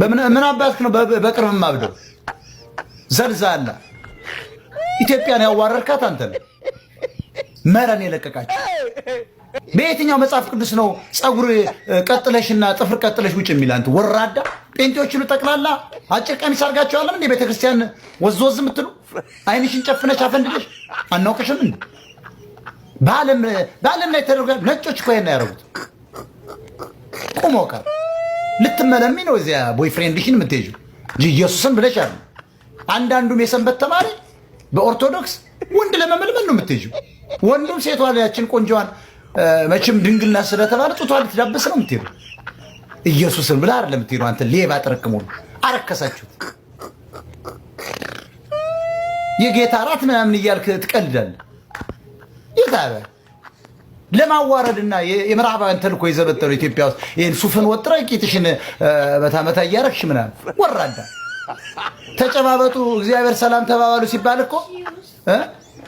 ምን አባትክ ነው በቅርብ ማብደው? ዘልዛላ ኢትዮጵያን ያዋረርካት አንተ ነው። መረን የለቀቃቸው በየትኛው መጽሐፍ ቅዱስ ነው ፀጉር ቀጥለሽና ጥፍር ቀጥለሽ ውጭ የሚል? አንተ ወራዳ ጴንጤዎችን ጠቅላላ አጭር ቀሚስ አድርጋችኋል እንዴ? ቤተክርስቲያን ወዝወዝ የምትሉ አይንሽን ጨፍነሽ አፈንድለሽ አናውቅሽም እንዴ? በዓለም ላይ ተደርጓል። ነጮች እኮ ይሄን ያደረጉት ቁሞ ቀር ልትመለሚ ነው እዚያ ቦይፍሬንድሽን የምትሄጂው ኢየሱስን ብለሽ አሉ። አንዳንዱም የሰንበት ተማሪ በኦርቶዶክስ ወንድ ለመመልመል ነው የምትሄጂው። ወንዱም ሴቷ ያችን ቆንጆዋን መቼም ድንግልና ስለተባለ ጡቷ ልትዳብስ ነው የምትሄዱ። ኢየሱስን ብላ አይደለም የምትሄደው። አንተ ሌባ ጥርቅሙ አረከሳችሁ። የጌታ እራት ምናምን እያልክ ትቀልዳለህ። ለማዋረድና የምዕራባውያን ተልኮ የዘበተሉ ኢትዮጵያ ውስጥ ይህን ሱፍን ወጥረ ቂጥሽን መታ እያረግሽ ምናል ወራዳ ተጨባበጡ፣ እግዚአብሔር ሰላም ተባባሉ ሲባል እኮ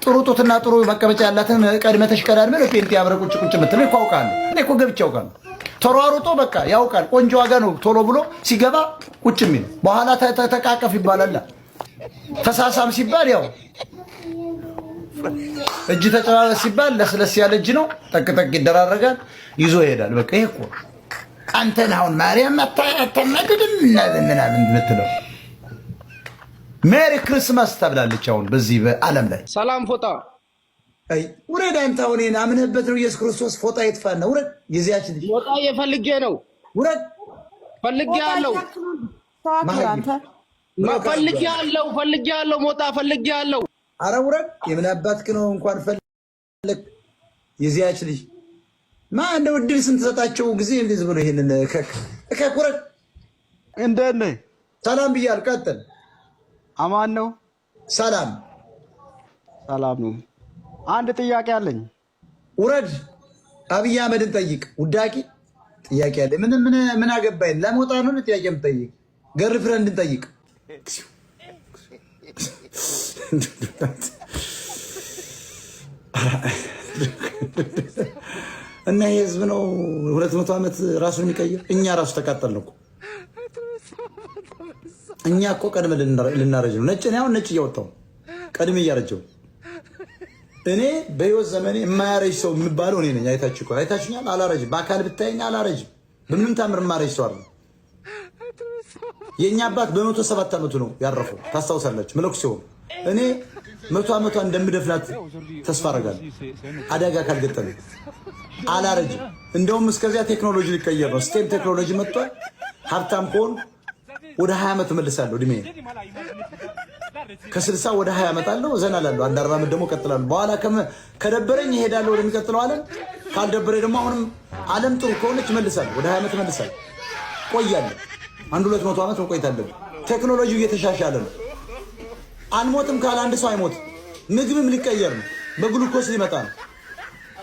ጥሩ ጡትና ጥሩ መቀመጫ ያላትን ቀድመተሽ ቀዳድመ ፔንቲ አብረ ቁጭ ቁጭ ምትል እኮ አውቃለሁ። እኔ እኮ ገብቼ አውቃለሁ። ተሯሩጦ በቃ ያውቃል። ቆንጆ ዋጋ ነው ቶሎ ብሎ ሲገባ ቁጭ የሚል በኋላ ተቃቀፍ ይባላል። ተሳሳም ሲባል ያው እጅ ተጨባበስ ሲባል ለስለስ ያለ እጅ ነው። ጠቅጠቅ ይደራረጋል፣ ይዞ ይሄዳል። በቃ ይሄ እኮ አንተን አሁን ማርያም አታናግድም ምናምን የምትለው ሜሪ ክርስማስ ተብላለች። አሁን በዚህ በዓለም ላይ ሰላም ፎጣ ውረድ። አንተ አሁን ይሄን አምነህበት ነው ኢየሱስ ክርስቶስ ፎጣ ነው ውረድ። ጊዜያችን ፎጣ የፈልጌ ነው ውረድ። ፈልጌ አለው ፈልጌ አለው ፈልጌ አለው ሞጣ ፈልጌ አለው አረ ውረድ፣ የምን አባትክ ነው እንኳን ፈለግ የዚያች ልጅ ማ እንደ ውድል ስንትሰጣቸው ጊዜ እንደዚህ ብሎ ይሄንን እከክ እከክ ውረድ። እንደነ ሰላም ብያል። ቀጥል። አማን ነው። ሰላም ሰላም ነው። አንድ ጥያቄ አለኝ። ውረድ። አብይ አህመድን ጠይቅ። ውዳቂ ጥያቄ አለ። ምን ምን ምን አገባኝ? ለመውጣት ነው ጥያቄ የምጠይቅ ገር ፍረንድን ጠይቅ። እና ይህ ህዝብ ነው ሁለት መቶ ዓመት ራሱን የሚቀይር። እኛ ራሱ ተቃጠልን እኮ እኛ እኮ ቀድመ ልናረጅ ነው። ነጭ አሁን ነጭ እያወጣው ቀድሜ እያረጀው እኔ በህይወት ዘመኔ የማያረጅ ሰው የምባለው እኔ ነኝ። አይታችሁ እኮ አይታችሁኛል። አላረጅም። በአካል ብታየኝ አላረጅም። በምንም ታምር የማረጅ ሰው አለ። የእኛ አባት በመቶ ሰባት ዓመቱ ነው ያረፈው። ታስታውሳላችሁ መለኩ ሲሆን እኔ መቶ ዓመቷ እንደምደፍናት ተስፋ አደርጋለሁ። አደጋ ካልገጠመ አላረጅም። እንደውም እስከዚያ ቴክኖሎጂ ሊቀየር ነው። ስቴም ቴክኖሎጂ መጥቷል። ሀብታም ከሆን ወደ 20 ዓመት መልሳለሁ። እድሜ ከስልሳ 60 ወደ 20 አለው። ዘና እላለሁ። አንድ አርባ ዓመት ደግሞ እቀጥላለሁ። በኋላ ከደበረኝ ይሄዳለሁ ወደሚቀጥለው ዓለም። ካልደበረኝ ደግሞ አሁንም ዓለም ጥሩ ከሆነች መልሳለሁ። ወደ 20 ዓመት መልሳለሁ። ቆያለሁ። አንድ ሁለት መቶ ዓመት መቆየት አለብን። ቴክኖሎጂ እየተሻሻለ ነው። አንሞትም ካለ አንድ ሰው አይሞት። ምግብም ሊቀየር ነው፣ በግሉኮስ ሊመጣ ነው።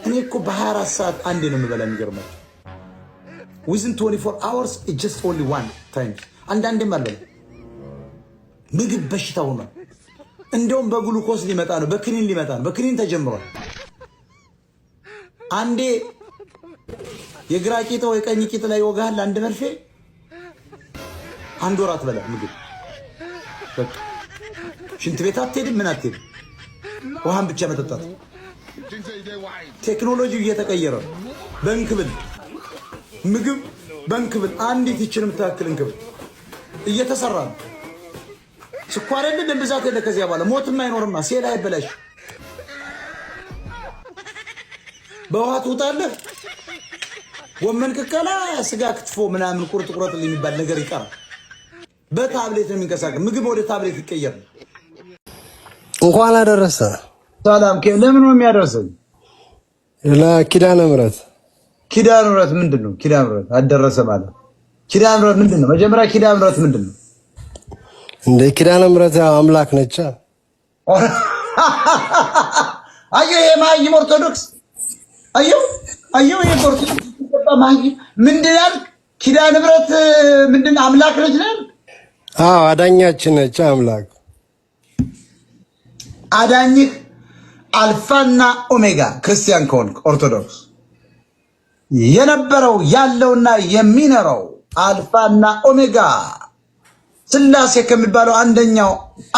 እኔ እኮ በ24 ሰዓት አንዴ ነው የምበላ። የሚገርማቸው ዊዝን 24 አወርስ ጀስት ኦንሊ ዋን ታይም አንዳንዴም አልበላ። ምግብ በሽታ ሆኗል። እንደውም በግሉኮስ ሊመጣ ነው፣ በክኒን ሊመጣ ነው። በክኒን ተጀምሯል። አንዴ የግራ ቂጥ ወይ ቀኝ ቂጥ ላይ ይወጋሃል አንድ መርፌ። አንድ ወራት በላ ምግብ በቃ ሽንት ቤት አትሄድም፣ ምን አትሄድም፣ ውሃን ብቻ መጠጣት። ቴክኖሎጂ እየተቀየረ በእንክብል ምግብ በእንክብል አንዲት ይችን የምታክል እንክብል እየተሰራ ነው። ስኳር የለ ደም ብዛት የለ። ከዚያ በኋላ ሞትም አይኖርማ። ሴል አይበላሽ። በውሃ ትውጣለህ። ጎመን ቅቀላ፣ ስጋ ክትፎ፣ ምናምን ቁርጥ ቁረጥ የሚባል ነገር ይቀራል። በታብሌት ነው የሚንቀሳቀስ ምግብ ወደ ታብሌት ይቀየር። እንኳን አደረሰ። ሰላም ለምን ነው የሚያደርሰኝ? ለኪዳነ ምሕረት ኪዳነ ምሕረት ምንድን ነው? ኪዳነ ምሕረት አደረሰ ማለት ኪዳነ ምሕረት ምንድን ነው? መጀመሪያ ኪዳነ ምሕረት ምንድን ነው? እንደ ኪዳነ ምሕረት አምላክ ነች። አየሁ የማይም ኦርቶዶክስ አየሁ አየሁ የኦርቶዶክስ ማይም ምንድን ያልክ ኪዳነ ምሕረት ምንድን አምላክ ነች ነው? አዎ አዳኛችን ነች አምላክ አዳኝህ አልፋና ኦሜጋ ክርስቲያን ከሆንክ ኦርቶዶክስ የነበረው ያለውና የሚኖረው አልፋና ኦሜጋ ስላሴ ከሚባለው አንደኛው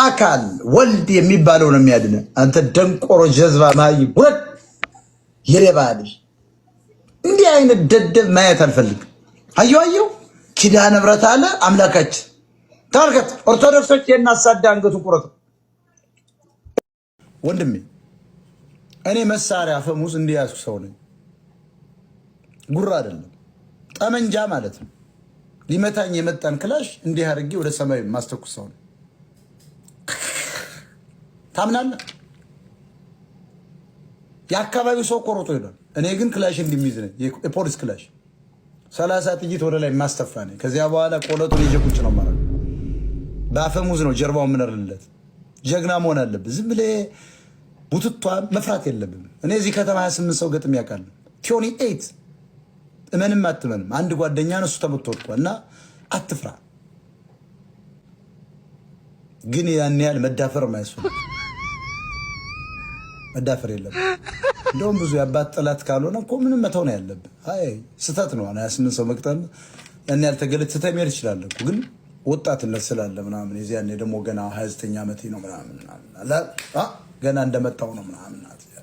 አካል ወልድ የሚባለው ነው የሚያድነ። አንተ ደንቆሮ ጀዝባ ማይ ጉረት የሌባ ልጅ፣ እንዲህ አይነት ደደብ ማየት አልፈልግም። አየሁ አየሁ ኪዳነ ምሕረት አለ አምላካችን። ተመልከት ኦርቶዶክሶች የናሳዳ አንገቱ ቁረጥ ወንድሜ እኔ መሳሪያ ፈሙስ እንዲያስ ሰው ነኝ። ጉራ አይደለም ጠመንጃ ማለት ነው። ሊመታኝ የመጣን ክላሽ እንዲህ አድርጌ ወደ ሰማይ ማስተኩስ ሰው ነኝ። ታምናለህ? የአካባቢው ሰው ቆርጦ ይሏል። እኔ ግን ክላሽ እንዲሚዝ ነኝ። የፖሊስ ክላሽ ሰላሳ ጥይት ወደ ላይ ማስተፋ ነኝ። ከዚያ በኋላ ቆለጡን ይዤ ቁጭ ነው ማለት ነው። በአፈሙዝ ነው ጀርባው ምንርልለት ጀግና መሆን አለብህ። ዝም ብለህ ቡትቷ መፍራት የለብም። እኔ እዚህ ከተማ 28 ሰው ገጥም ያውቃል። ቲዮኒ ኤይት እመንም አትመንም አንድ ጓደኛ ነሱ ተመቶ እና አትፍራ፣ ግን ያን ያህል መዳፈር ማይሱ መዳፈር የለብህ። እንደውም ብዙ የአባት ጠላት ካልሆነ እኮ ምንም መተው ነው ያለብህ። አይ ስህተት ነው 28 ሰው መቅጠል ያን ያህል ተገለጽ ስህተት የሚሄድ ይችላል ግን ወጣትነት ስላለ ምናምን የዚያኔ ደግሞ ገና 29 ዓመቴ ነው ምናምን ገና እንደመጣው ነው ምናምን